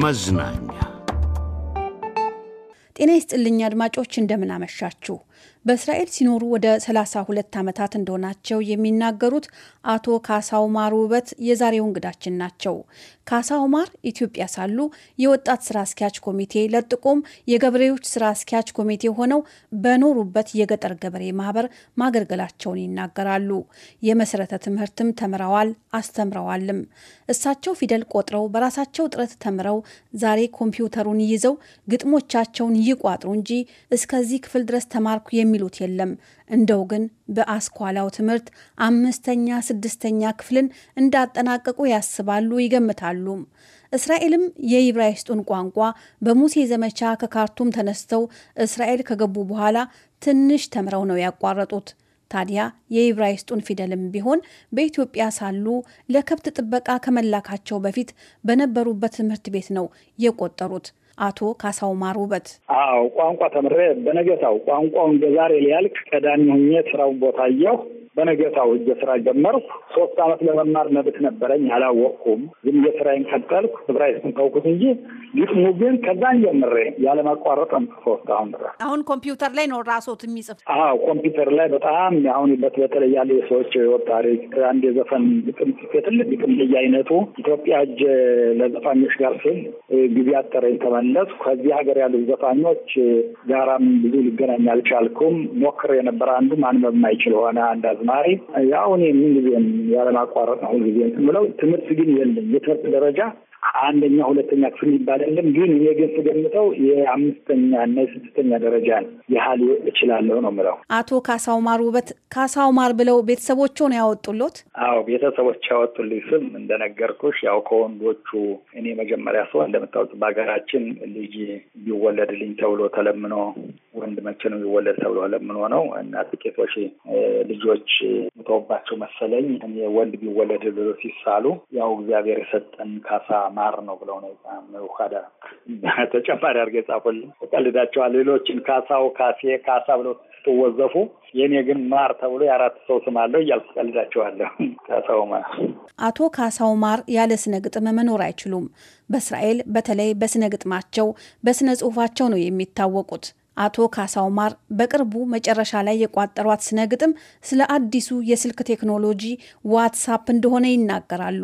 መዝናኛ ጤና ይስጥልኝ አድማጮች እንደምናመሻችሁ በእስራኤል ሲኖሩ ወደ 32 ዓመታት እንደሆናቸው የሚናገሩት አቶ ካሳውማር ውበት የዛሬው እንግዳችን ናቸው። ካሳውማር ኢትዮጵያ ሳሉ የወጣት ስራ አስኪያጅ ኮሚቴ ለጥቆም የገበሬዎች ስራ አስኪያጅ ኮሚቴ ሆነው በኖሩበት የገጠር ገበሬ ማህበር ማገልገላቸውን ይናገራሉ። የመሰረተ ትምህርትም ተምረዋል አስተምረዋልም። እሳቸው ፊደል ቆጥረው በራሳቸው ጥረት ተምረው ዛሬ ኮምፒውተሩን ይዘው ግጥሞቻቸውን ይቋጥሩ እንጂ እስከዚህ ክፍል ድረስ ተማር ተማርኩ የሚሉት የለም። እንደው ግን በአስኳላው ትምህርት አምስተኛ ስድስተኛ ክፍልን እንዳጠናቀቁ ያስባሉ፣ ይገምታሉ። እስራኤልም የኢብራይስጡን ቋንቋ በሙሴ ዘመቻ ከካርቱም ተነስተው እስራኤል ከገቡ በኋላ ትንሽ ተምረው ነው ያቋረጡት። ታዲያ የኢብራይስጡን ፊደልም ቢሆን በኢትዮጵያ ሳሉ ለከብት ጥበቃ ከመላካቸው በፊት በነበሩበት ትምህርት ቤት ነው የቆጠሩት። አቶ ካሳው ማሩበት። አዎ ቋንቋ ተምሬ በነገታው ቋንቋውን ገዛሬ ሊያልቅ ቀዳሚ ሁኜ ስራውን ቦታ አየሁ። በነገታው እጀ ስራ ጀመርኩ። ሶስት አመት ለመማር መብት ነበረኝ፣ አላወቅኩም። ግን የስራዬን ቀጠልኩ። ትግራይስን ተውኩት እንጂ ግጥሙ ግን ከዛን ጀምሬ ያለማቋረጥ ሶስት አሁን ድረስ አሁን ኮምፒውተር ላይ ነው ራሶት የሚጽፍ? አዎ ኮምፒውተር ላይ በጣም አሁን በተለይ ያለ የሰዎች ህይወት ታሪክ አንድ የዘፈን ግጥም ትልቅ ግጥም አይነቱ ኢትዮጵያ እጅ ለዘፋኞች ጋር ስል ጊዜ አጠረኝ ተመለስኩ። ከዚህ ሀገር ያሉ ዘፋኞች ጋራም ብዙ ልገናኝ አልቻልኩም። ሞክር የነበረ አንዱ ማንበብ የማይችል ሆነ አንዳዝ በተጨማሪ ያው እኔ ምን ጊዜም ያለማቋረጥ ነው ሁልጊዜ የምለው ትምህርት ግን የለም የትምህርት ደረጃ አንደኛ ሁለተኛ ክፍል የሚባል ግን እኔ ግን ስገምተው የአምስተኛ እና የስድስተኛ ደረጃ ያህል እችላለሁ ነው ምለው። አቶ ካሳው ማር ውበት ካሳው ማር ብለው ቤተሰቦቹን ያወጡሎት? አዎ ቤተሰቦች ያወጡልኝ ስም እንደነገርኩሽ ያው ከወንዶቹ እኔ መጀመሪያ ሰው እንደምታወጡ በሀገራችን ልጅ ቢወለድልኝ ተብሎ ተለምኖ ወንድ መቼ ነው የሚወለድ ተብሎ ለምኖ ነው እና ጥቂቶች ልጆች ተውባቸው መሰለኝ እኔ ወንድ ቢወለድ ብሎ ሲሳሉ ያው እግዚአብሔር የሰጠን ካሳ ማር ነው ብለው ነው ውካዳ ተጨማሪ አድርገህ ጻፉልን። ቀልዳቸዋል። ሌሎችን ካሳው፣ ካሴ፣ ካሳ ብለው ስትወዘፉ የእኔ ግን ማር ተብሎ የአራት ሰው ስም አለው እያልኩ ቀልዳቸዋለሁ። ካሳው ማር። አቶ ካሳው ማር ያለ ስነ ግጥም መኖር አይችሉም። በእስራኤል በተለይ በስነ ግጥማቸው፣ በስነ ጽሁፋቸው ነው የሚታወቁት። አቶ ካሳው ማር በቅርቡ መጨረሻ ላይ የቋጠሯት ስነ ግጥም ስለ አዲሱ የስልክ ቴክኖሎጂ ዋትሳፕ እንደሆነ ይናገራሉ።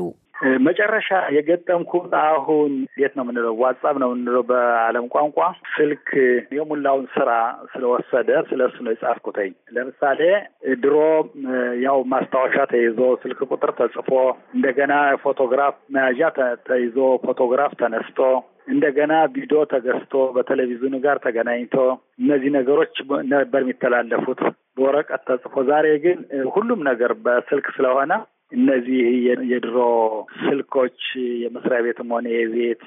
መጨረሻ የገጠምኩት አሁን የት ነው የምንለው ዋጻብ ነው የምንለው በዓለም ቋንቋ ስልክ የሙላውን ስራ ስለወሰደ ስለ እሱ ነው የጻፍኩትኝ። ለምሳሌ ድሮ ያው ማስታወሻ ተይዞ ስልክ ቁጥር ተጽፎ እንደገና ፎቶግራፍ መያዣ ተይዞ ፎቶግራፍ ተነስቶ እንደገና ቪዲዮ ተገዝቶ በቴሌቪዥኑ ጋር ተገናኝቶ እነዚህ ነገሮች ነበር የሚተላለፉት በወረቀት ተጽፎ። ዛሬ ግን ሁሉም ነገር በስልክ ስለሆነ እነዚህ የድሮ ስልኮች የመስሪያ ቤትም ሆነ የቤት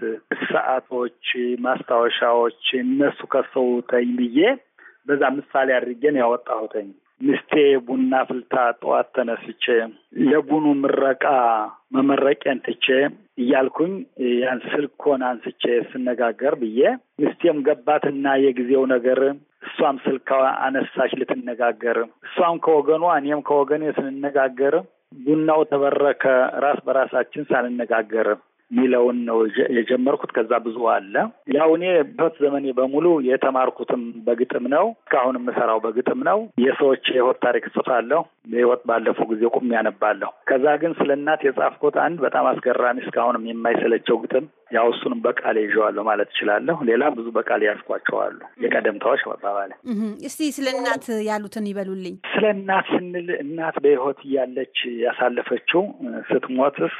ሰዓቶች፣ ማስታወሻዎች እነሱ ከሰውተኝ ብዬ በዛ ምሳሌ አድርጌን ያወጣሁተኝ። ምስቴ ቡና ፍልታ ጠዋት ተነስቼ ለቡኑ ምረቃ መመረቂያን ትቼ እያልኩኝ ያን ስልኮን አንስቼ ስነጋገር ብዬ ምስቴም ገባትና የጊዜው ነገር እሷም ስልካ አነሳች ልትነጋገር እሷም ከወገኗ እኔም ከወገኔ ስንነጋገር ቡናው ተበረከ ራስ በራሳችን ሳንነጋገር ሚለውን ነው የጀመርኩት። ከዛ ብዙ አለ። ያው እኔ በህይወት ዘመኔ በሙሉ የተማርኩትም በግጥም ነው። እስካሁን የምሰራው በግጥም ነው። የሰዎች የህይወት ታሪክ ጽፋለሁ። የህይወት ባለፈው ጊዜ ቁም ያነባለሁ። ከዛ ግን ስለ እናት የጻፍኩት አንድ በጣም አስገራሚ እስካሁንም የማይሰለቸው ግጥም ያው እሱንም በቃል ይዤዋለሁ ማለት እችላለሁ። ሌላ ብዙ በቃል ያዝኳቸዋሉ የቀደምታዎች መባባል። እስቲ ስለ እናት ያሉትን ይበሉልኝ። ስለ እናት ስንል እናት በህይወት እያለች ያሳለፈችው ስትሞትስ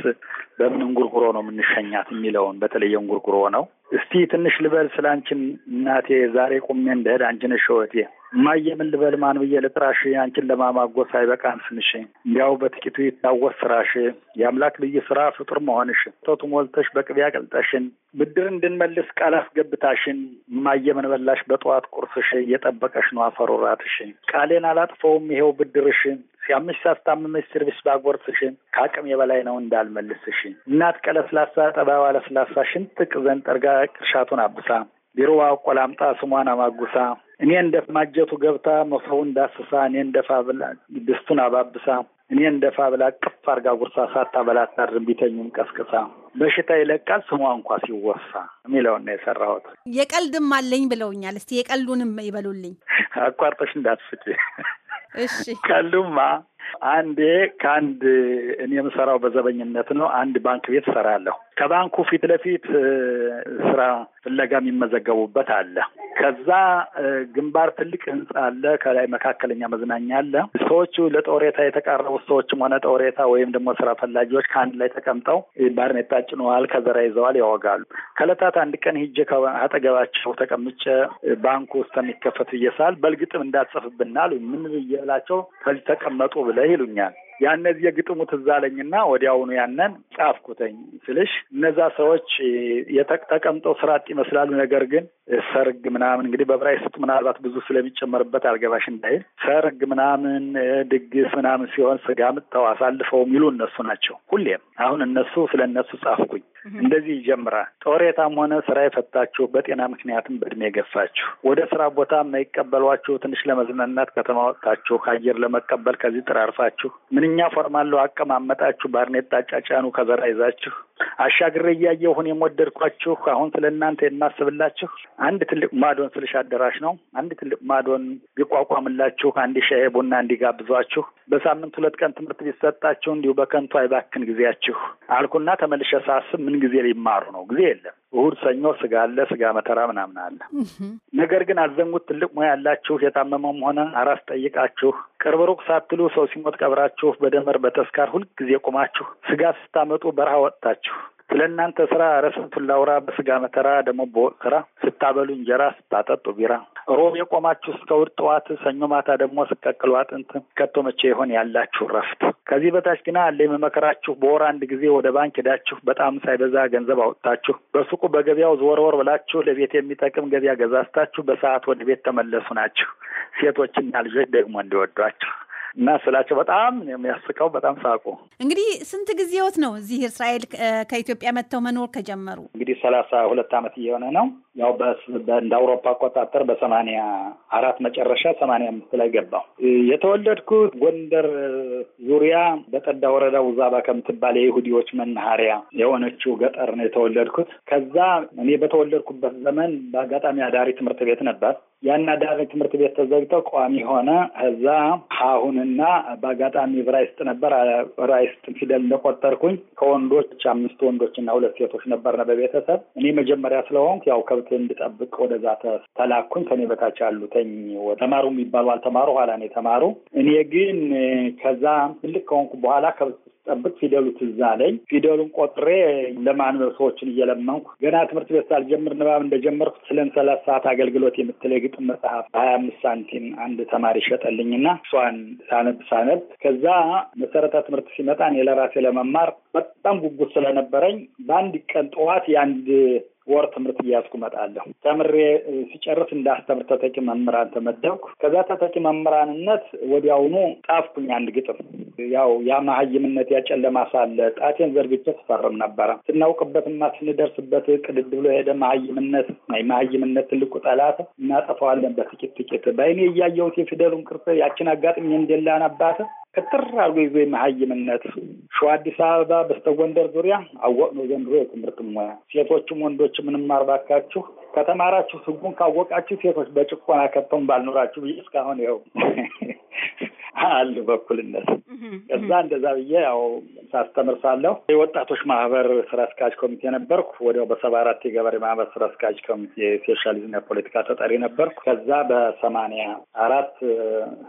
በምን እንጉርጉሮ ነው የምንሸኛት የሚለውን በተለየ እንጉርጉሮ ነው። እስቲ ትንሽ ልበል ስለ አንቺን እናቴ፣ ዛሬ ቁሜ እንደሄድ አንቺ ነሽ ሕይወቴ። እማዬ ምን ልበል ማን ብዬ ልጥራሽ? አንቺን ለማማጎስ አይበቃን ስንሽ እንዲያው በጥቂቱ ይታወስ ስራሽ፣ የአምላክ ልዩ ስራ ፍጡር መሆንሽ፣ ቶቱ ሞልተሽ በቅቤ አቅልጠሽን፣ ብድር እንድንመልስ ቃል አስገብታሽን፣ እማዬ ምን በላሽ በጠዋት ቁርስሽ፣ እየጠበቀሽ ነው አፈሩራትሽ። ቃሌን አላጥፈውም ይሄው ብድርሽ ሲያምሽ ሳስታምምሽ ስርብሽ ባጎርፍሽን ከአቅም የበላይ ነው እንዳልመልስሽን እናት ቀለስላሳ ጠባዋ ለስላሳ ሽንጥቅ ጠርጋ ቅርሻቱን አብሳ ቢሮዋ ቆላምጣ ስሟን አማጉሳ እኔ እንደ ማጀቱ ገብታ መሶቡ እንዳስሳ እኔ እንደ ፋብላ ድስቱን አባብሳ እኔ እንደ ፋብላ ቅፍ አርጋ ጉርሳ ሳታበላ አታድርም ቢተኙም ቀስቅሳ በሽታ ይለቃል ስሟ እንኳ ሲወሳ የሚለውን ነው የሰራሁት። የቀልድም አለኝ ብለውኛል። እስቲ የቀልዱንም ይበሉልኝ። አቋርጠሽ እንዳትስጭ እሺ ቀሉማ አንዴ ከአንድ እኔ የምሰራው በዘበኝነት ነው። አንድ ባንክ ቤት እሰራለሁ። ከባንኩ ፊት ለፊት ስራ ፍለጋ የሚመዘገቡበት አለ። ከዛ ግንባር ትልቅ ህንጻ አለ። ከላይ መካከለኛ መዝናኛ አለ። ሰዎቹ ለጦሬታ የተቃረቡ ሰዎችም ሆነ ጦሬታ ወይም ደግሞ ስራ ፈላጊዎች ከአንድ ላይ ተቀምጠው ባርኔጣ ጭነዋል፣ ከዘራ ይዘዋል፣ ያወጋሉ። ከእለታት አንድ ቀን ሂጄ አጠገባቸው ተቀምጬ ባንኩ ውስጥ የሚከፈት እየሳል በልግጥም እንዳትጽፍብና አሉኝ። ምን ብዬ እላቸው ተቀመጡ ብለህ ይሉኛል። ያነዚ የግጥሙ ትዝ አለኝና ወዲያውኑ ያንን ጻፍኩተኝ ስልሽ እነዛ ሰዎች ተቀምጠው ስራ ይመስላል። ነገር ግን ሰርግ ምናምን እንግዲህ በብራይ ስጥ ምናልባት ብዙ ስለሚጨመርበት አልገባሽ እንዳይል ሰርግ ምናምን ድግስ ምናምን ሲሆን ስጋ ምጥተው አሳልፈው የሚሉ እነሱ ናቸው ሁሌም። አሁን እነሱ ስለ እነሱ ጻፍኩኝ እንደዚህ ይጀምራል። ጦሬታም ሆነ ስራ የፈታችሁ፣ በጤና ምክንያትም በእድሜ የገፋችሁ፣ ወደ ስራ ቦታ የማይቀበሏችሁ፣ ትንሽ ለመዝናናት ከተማ ወጥታችሁ አየር ለመቀበል ከዚህ ጥራርፋችሁ፣ ምንኛ ፎርማለሁ አቀማመጣችሁ፣ ባርኔጣ ጫጫኑ ከዘራ ይዛችሁ አሻግሬ እያየሁን የምወደድኳችሁ አሁን ስለ እናንተ የማስብላችሁ አንድ ትልቅ ማዶን ስልሽ አዳራሽ ነው። አንድ ትልቅ ማዶን ቢቋቋምላችሁ አንድ ሻይ ቡና እንዲጋብዟችሁ በሳምንት ሁለት ቀን ትምህርት ቢሰጣችሁ እንዲሁ በከንቱ አይባክን ጊዜያችሁ አልኩና ተመልሸ ሳስብ ምን ጊዜ ሊማሩ ነው? ጊዜ የለም። እሁድ፣ ሰኞ ስጋ አለ፣ ስጋ መተራ ምናምን አለ። ነገር ግን አዘንጉት ትልቅ ሙያ ያላችሁ የታመመም ሆነ አራስ ጠይቃችሁ ቅርብ ሩቅ ሳትሉ ሰው ሲሞት ቀብራችሁ በደመር በተስካር ሁልጊዜ ቁማችሁ ስጋ ስታመጡ በረሃ ወጥታችሁ ስለ እናንተ ስራ ረስንቱን ላውራ፣ በስጋ መከራ ደግሞ በወቅ ስራ ስታበሉ እንጀራ ስታጠጡ ቢራ፣ ሮብ የቆማችሁ እስከ ውድ ጠዋት፣ ሰኞ ማታ ደግሞ ስቀቅሉ አጥንት፣ ከቶ መቼ ይሆን ያላችሁ ረፍት? ከዚህ በታች ግና አለ የምመከራችሁ በወር አንድ ጊዜ ወደ ባንክ ሄዳችሁ በጣም ሳይበዛ ገንዘብ አወጥታችሁ በሱቁ በገበያው ዘወርወር ብላችሁ ለቤት የሚጠቅም ገበያ ገዛዝታችሁ በሰዓት ወደ ቤት ተመለሱ ናችሁ ሴቶችና ልጆች ደግሞ እንዲወዷችሁ እና ስላቸው በጣም የሚያስቀው በጣም ሳቁ። እንግዲህ ስንት ጊዜዎት ነው እዚህ እስራኤል ከኢትዮጵያ መጥተው መኖር ከጀመሩ? እንግዲህ ሰላሳ ሁለት ዓመት እየሆነ ነው። ያው እንደ አውሮፓ አቆጣጠር በሰማኒያ አራት መጨረሻ ሰማኒያ አምስት ላይ ገባው። የተወለድኩት ጎንደር ዙሪያ በጠዳ ወረዳ ውዛባ ከምትባል የይሁዲዎች መናኸሪያ የሆነችው ገጠር ነው የተወለድኩት። ከዛ እኔ በተወለድኩበት ዘመን በአጋጣሚ አዳሪ ትምህርት ቤት ነበር። ያን አዳሪ ትምህርት ቤት ተዘግተው ቋሚ ሆነ። ከዛ ሀሁንና በአጋጣሚ ብራይስጥ ነበር። ራይስጥ ፊደል እንደቆጠርኩኝ ከወንዶች አምስት ወንዶች እና ሁለት ሴቶች ነበር በቤተሰብ እኔ መጀመሪያ ስለሆንኩ ያው ከብ ትምህርት እንድጠብቅ ወደዛ ተላኩኝ። ከኔ በታች ያሉተኝ ተማሩ የሚባሉ አልተማሩ ኋላ ነው የተማሩ። እኔ ግን ከዛ ትልቅ ከሆንኩ በኋላ ጠብቅ ፊደሉ ትዝ አለኝ። ፊደሉን ቆጥሬ ለማንበብ ሰዎችን እየለመንኩ ገና ትምህርት ቤት ሳልጀምር ንባብ እንደጀመርኩ ስለን ሰላሳ ሰዓት አገልግሎት የምትለ ግጥም መጽሐፍ በሀያ አምስት ሳንቲም አንድ ተማሪ ይሸጠልኝና እሷን ሳነብ ሳነብ ከዛ መሰረተ ትምህርት ሲመጣ እኔ ለራሴ ለመማር በጣም ጉጉት ስለነበረኝ በአንድ ቀን ጠዋት የአንድ ወር ትምህርት እያስኩ መጣለሁ። ተምሬ ሲጨርስ እንዳስተምር ተተኪ መምህራን ተመደብኩ። ከዛ ተተኪ መምህራንነት ወዲያውኑ ጣፍኩኝ አንድ ግጥም ያው ያ መሀይምነት ያጨለማ ሳለ ጣቴን ዘርግቼ ስፈርም ነበረ። ስናውቅበትና ስንደርስበት ቅድድ ብሎ ሄደ መሀይምነት። መሀይምነት ትልቁ ጠላት፣ እናጠፋዋለን በጥቂት ጥቂት። በአይኔ እያየሁት የፊደሉን ቅርጽ ያችን አጋጥሚ እንደላነባት ቅጥር አድርጎ ይዞ መሀይምነት ሸ አዲስ አበባ፣ በስተጎንደር ዙሪያ አወቅ ነው ዘንድሮ የትምህርት ሙያ ሴቶችም ወንዶችም ምንማርባካችሁ ከተማራችሁ ህጉን ካወቃችሁ ሴቶች በጭቆና ከቶም ባልኖራችሁ ብዬ እስካሁን ይኸው አሉ በኩልነት። ከዛ እንደዛ ብዬ ያው ሳስተምር ሳለሁ የወጣቶች ማህበር ስራ አስኪያጅ ኮሚቴ ነበርኩ። ወዲያው በሰባ አራት የገበሬ ማህበር ስራ አስኪያጅ ኮሚቴ የሶሻሊዝም የፖለቲካ ተጠሪ ነበርኩ። ከዛ በሰማንያ አራት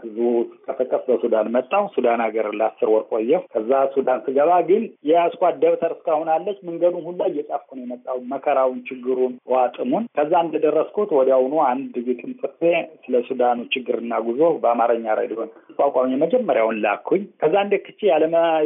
ህዝቡ ሲቀሰቀስ በሱዳን መጣሁ። ሱዳን ሀገር ለአስር ወር ቆየሁ። ከዛ ሱዳን ስገባ ግን የያዝኳት ደብተር እስካሁን አለች። መንገዱን ሁላ እየጻፍኩ ነው የመጣው መከራውን፣ ችግሩን፣ ዋጥሙን። ከዛ እንደደረስኩት ወዲያውኑ አንድ ግጥም ጽፌ ስለ ሱዳኑ ችግርና ጉዞ በአማርኛ ሬዲዮን ቋቋሚ መጀመሪያውን ላኩኝ። ከዛ እንደክቼ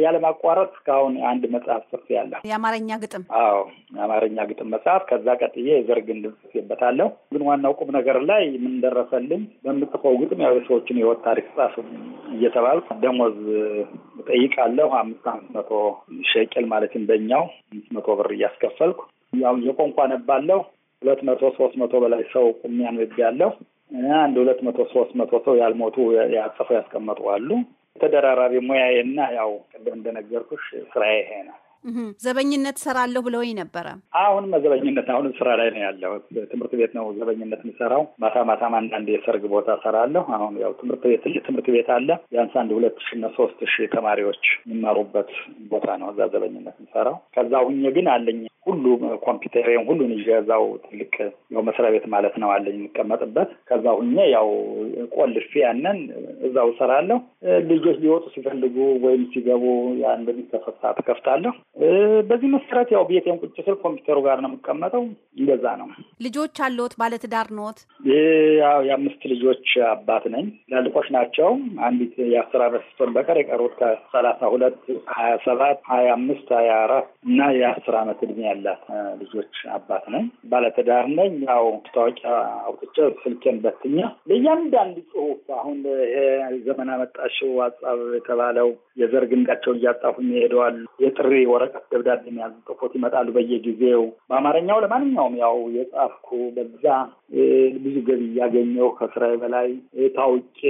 ያለማቋረጥ እስካሁን አንድ መጽሐፍ ጽፌያለሁ። የአማርኛ ግጥም? አዎ የአማርኛ ግጥም መጽሐፍ። ከዛ ቀጥዬ የዘር ግንድ ጽፌበታለሁ። ግን ዋናው ቁም ነገር ላይ ምን ደረሰልኝ በምጽፈው ግጥም ያው የሰዎችን የህይወት ታሪክ ጻፍ እየተባል ደሞዝ እጠይቃለሁ። አምስት አምስት መቶ ሸቅል ማለትም በእኛው አምስት መቶ ብር እያስከፈልኩ ያው የቆንኳ ነባለሁ ሁለት መቶ ሶስት መቶ በላይ ሰው ቁሚያን ያለው አንድ ሁለት መቶ ሶስት መቶ ሰው ያልሞቱ ያጸፈው ያስቀመጡ አሉ። ተደራራቢ ሙያዬ ሙያዬና ያው ቅድም እንደነገርኩሽ ስራዬ ይሄ ነው። ዘበኝነት ሰራለሁ ብለውኝ ነበረ። አሁንም ዘበኝነት አሁንም ስራ ላይ ነው ያለው። ትምህርት ቤት ነው ዘበኝነት የምሰራው። ማታ ማታም አንዳንድ የሰርግ ቦታ ሰራለሁ። አሁን ያው ትምህርት ቤት ትምህርት ቤት አለ። ቢያንስ አንድ ሁለት ሺ እና ሶስት ሺ ተማሪዎች የሚማሩበት ቦታ ነው እዛ ዘበኝነት የምሰራው። ከዛ ሁኜ ግን አለኝ ሁሉ ኮምፒውተሬም ሁሉን ይዤ እዛው ትልቅ ያው መስሪያ ቤት ማለት ነው አለኝ የሚቀመጥበት። ከዛ ሁኜ ያው ቆልፌ ያንን እዛው እሰራለሁ። ልጆች ሊወጡ ሲፈልጉ ወይም ሲገቡ የአንድ ተፈሳ ትከፍታለሁ። በዚህ መሰረት ያው ቤቴን ቁጭ ስል ኮምፒውተሩ ጋር ነው የምቀመጠው። እንደዛ ነው። ልጆች አሉት? ባለትዳር ኖት? ነዎት? የአምስት ልጆች አባት ነኝ። ትላልቆች ናቸው። አንዲት የአስር አመት ስትሆን በቀር የቀሩት ከሰላሳ ሁለት ሀያ ሰባት ሀያ አምስት ሀያ አራት እና የአስር አመት እድሜ ያላት ልጆች አባት ነኝ። ባለትዳር ነኝ። ያው ማስታወቂያ አውጥቼ ስልኬን በትኛ ለእያንዳንድ ጽሁፍ አሁን ይሄ ዘመን አመጣሽው ዋጻብ የተባለው የዘር ግንዳቸውን እያጣፉ የሚሄደዋል የጥሪ ወ ወረቀት ደብዳቤ የሚያዙ ጽፎት ይመጣሉ በየጊዜው። በአማርኛው ለማንኛውም ያው የጻፍኩ በዛ ብዙ ገቢ እያገኘው ከስራዬ በላይ ታውቄ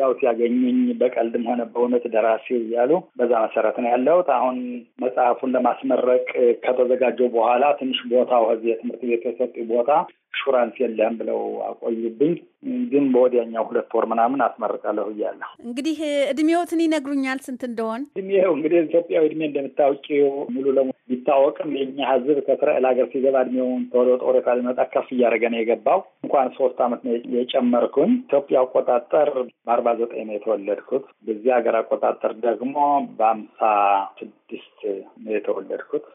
ያው ሲያገኙኝ በቀልድም ሆነ በእውነት ደራሲው እያሉ በዛ መሰረት ነው ያለሁት። አሁን መጽሐፉን ለማስመረቅ ከተዘጋጀው በኋላ ትንሽ ቦታው ከዚህ የትምህርት ቤት የሰጡ ቦታ ሹራንስ የለም ብለው አቆዩብኝ። ግን በወዲያኛው ሁለት ወር ምናምን አስመርቃለሁ እያለሁ እንግዲህ እድሜዎትን ይነግሩኛል ስንት እንደሆን። እድሜው እንግዲህ ኢትዮጵያዊ እድሜ እንደምታውቂው ሙሉ ለሙሉ ቢታወቅም የኛ ሕዝብ ከእስራኤል ሀገር ሲገባ እድሜውን ተወደ ጦር ሊመጣ ከፍ እያደረገ ነው የገባው። እንኳን ሶስት አመት ነው የጨመርኩኝ። ኢትዮጵያ አቆጣጠር በአርባ ዘጠኝ ነው የተወለድኩት። በዚህ ሀገር አቆጣጠር ደግሞ በአምሳ ስድስት ነው የተወለድኩት።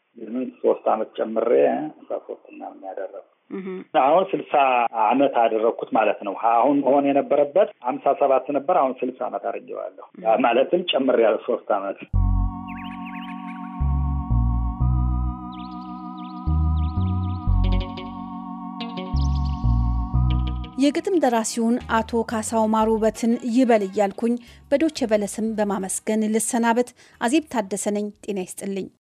ሶስት አመት ጨምሬ ሶስት ምናምን ያደረኩት Mm-hmm. አሁን ስልሳ አመት አደረግኩት ማለት ነው። አሁን መሆን የነበረበት ሀምሳ ሰባት ነበር። አሁን ስልሳ አመት አድርጌዋለሁ mm-hmm. ማለትም ጨምር ያለ ሶስት አመት የግጥም ደራሲውን አቶ ካሳው ማሩበትን ይበል እያልኩኝ በዶቼ ቬለ በማመስገን ልሰናበት። አዜብ ታደሰ ነኝ። ጤና ይስጥልኝ።